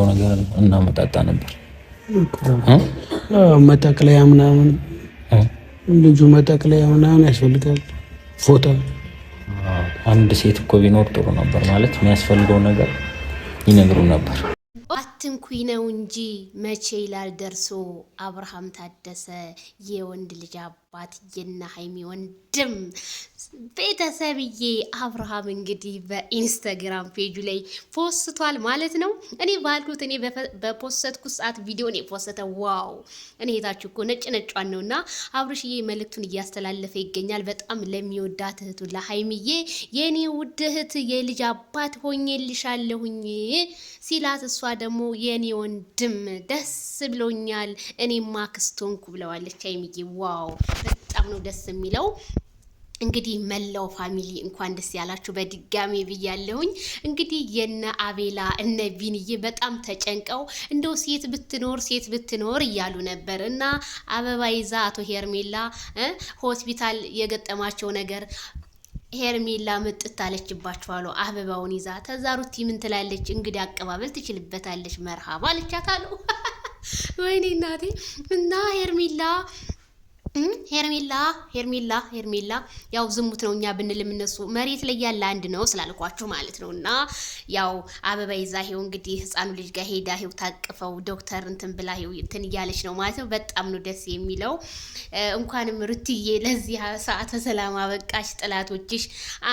የምንፈልገው ነገር እናመጣጣ ነበር። መጠቅለያ ምናምን ልጁ መጠቅለያ ምናምን ያስፈልጋል። ፎቶ አንድ ሴት እኮ ቢኖር ጥሩ ነበር። ማለት የሚያስፈልገው ነገር ይነግሩ ነበር። አትንኩ ነው እንጂ መቼ ይላል ደርሶ አብርሃም ታደሰ የወንድ ልጅ አባ አባትዬና ሀይሚ ወንድም ቤተሰብዬ አብርሃም እንግዲህ በኢንስታግራም ፔጁ ላይ ፖስቷል ማለት ነው። እኔ ባልኩት እኔ በፖሰትኩ ሰዓት ቪዲዮን የፖሰተ ዋው! እኔ ሄታችሁ እኮ ነጭ ነጯን ነው እና አብርሽዬ መልእክቱን እያስተላለፈ ይገኛል። በጣም ለሚወዳት እህቱ ለሀይሚዬ የእኔ ውድ እህት የልጅ አባት ሆኜልሻለሁኝ ሲላት፣ እሷ ደግሞ የእኔ ወንድም ደስ ብሎኛል እኔ ማክስቶንኩ ብለዋለች ሀይሚዬ ዋው በጣም ነው ደስ የሚለው። እንግዲህ መላው ፋሚሊ እንኳን ደስ ያላችሁ በድጋሚ ብያለሁኝ። እንግዲህ የነ አቤላ እነ ቢንዬ በጣም ተጨንቀው እንደው ሴት ብትኖር ሴት ብትኖር እያሉ ነበር እና አበባ ይዛ አቶ ሄርሜላ ሆስፒታል የገጠማቸው ነገር ሄርሜላ ምጥት አለችባቸው አበባውን ይዛ ተዛሩቲ ምን ትላለች? እንግዲህ አቀባበል ትችልበታለች። መርሃባ አለቻት ወይኔ እናቴ እና ሄርሜላ ሄርሜላ ሄርሜላ ሄርሜላ ያው ዝሙት ነው እኛ ብንልም እነሱ መሬት ላይ ያለ አንድ ነው ስላልኳችሁ ማለት ነው። እና ያው አበባ ይዛ ሄው እንግዲህ ህፃኑ ልጅ ጋር ሄዳ ሄው ታቅፈው ዶክተር እንትን ብላ ሄው እንትን እያለች ነው ማለት ነው። በጣም ነው ደስ የሚለው። እንኳንም ሩትዬ ለዚህ ሰዓተ ሰላም አበቃሽ። ጥላቶችሽ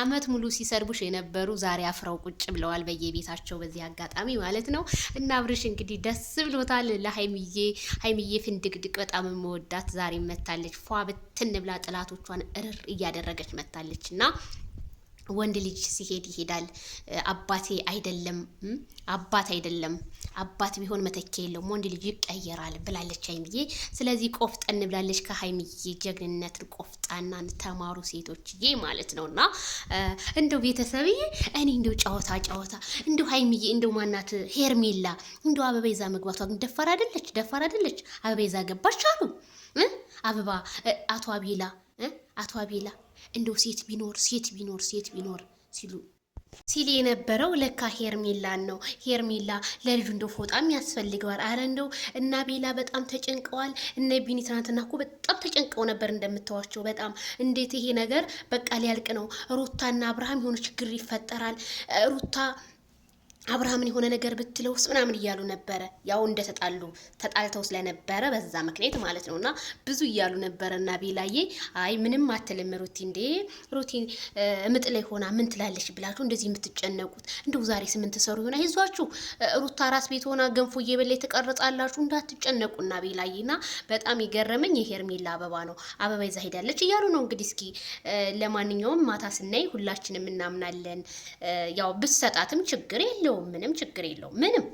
አመት ሙሉ ሲሰርቡሽ የነበሩ ዛሬ አፍረው ቁጭ ብለዋል በየቤታቸው። በዚህ አጋጣሚ ማለት ነው እና አብርሽ እንግዲህ ደስ ብሎታል። ለሀይሚዬ ሀይሚዬ ፍንድቅድቅ በጣም መወዳት ዛሬ መታለች ፏ ብትን ብላ ጥላቶቿን እርር እያደረገች መታለች እና ወንድ ልጅ ሲሄድ ይሄዳል። አባቴ አይደለም አባት አይደለም አባት ቢሆን መተኪያ የለውም ወንድ ልጅ ይቀየራል ብላለች ሀይምዬ ስለዚህ ቆፍጠን ብላለች። ከሀይምዬ ጀግንነትን ቆፍጣናን ተማሩ ሴቶችዬ ማለት ነው እና እንደው ቤተሰብዬ እኔ እንደው ጨዋታ ጨዋታ እንደው ሀይምዬ እንደው ማናት ሄርሜላ እንደው አበበይዛ ይዛ መግባቷ ደፋር አደለች ደፋር አደለች አበበይዛ ገባች አሉ አበባ አቶ አቤላ አቶ አቤላ እንደው ሴት ቢኖር ሴት ቢኖር ሴት ቢኖር ሲሉ ሲል የነበረው ለካ ሄርሜላን ነው። ሄርሜላ ለልጁ እንደው ፎጣም ያስፈልገዋል። አረ እንደው እና ቤላ በጣም ተጨንቀዋል። እነ ቢኒ ትናንትና እኮ በጣም ተጨንቀው ነበር እንደምታዋቸው። በጣም እንዴት ይሄ ነገር በቃ ሊያልቅ ነው ሩታና አብርሃም የሆነ ችግር ይፈጠራል ሩታ አብርሃምን የሆነ ነገር ብትለውስ ምናምን እያሉ ነበረ። ያው እንደተጣሉ ተጣልተው ስለነበረ በዛ ምክንያት ማለት ነው እና ብዙ እያሉ ነበረ እና ቤላዬ አይ ምንም አትልም ሩቲ እንዴ ሩቲን ምጥ ላይ ሆና ምን ትላለች ብላችሁ እንደዚህ የምትጨነቁት እንደው ዛሬ ስምን ትሰሩ ይሆና ይዟችሁ ሩታ ራስ ቤት ሆና ገንፎ እየበላ የተቀረጻላችሁ እንዳትጨነቁ። እና ቤላዬ እና በጣም የገረመኝ የሄርሜላ አበባ ነው አበባ ይዛ ሄዳለች እያሉ ነው እንግዲህ። እስኪ ለማንኛውም ማታ ስናይ ሁላችንም እናምናለን። ያው ብትሰጣትም ችግር የለው ምንም ችግር የለውም። ምንም